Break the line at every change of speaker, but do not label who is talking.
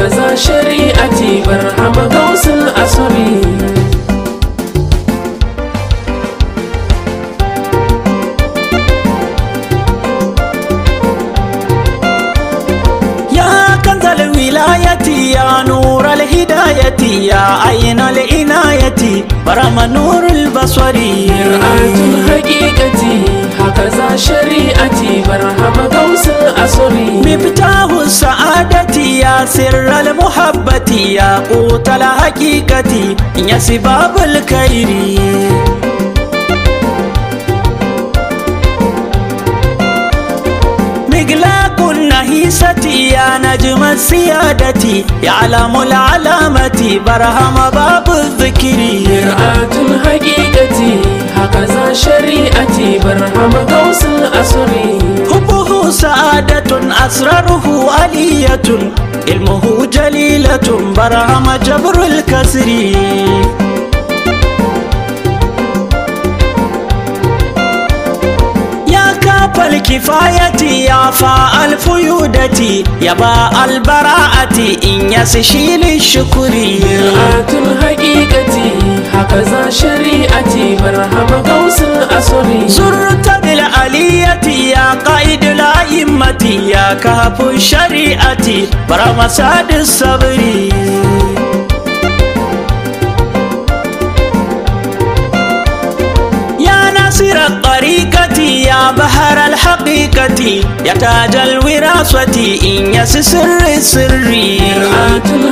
كذا شريعتي برحم غوث الأسري يا كنز الولاية يا نور الهداية يا عين العناية برم نور البصر مرآة الحقيقة هكذا شريعتي برحم غوث الأسري سر المحبة يا قوت الحقيقة يا سباب الكيري مقلاق النهيسة يا نجم السيادة يعلم العلامة برهم باب الذكر مرآة الحقيقة هكذا شريعتي برهم قوس الأسري حبه سعادة أسراره علية ilmuhu jalilatun barhama jabrul kasri ya kafal kifayati ya fa fuyudati ya ba albara'ati in yasi shilin shukuri atul haqiqati رحمتي يا كاف شريعتي برمساد الصبر يا ناصر الطريقة يا بحر الحقيقة يا تاج الوراثة إن يسر سري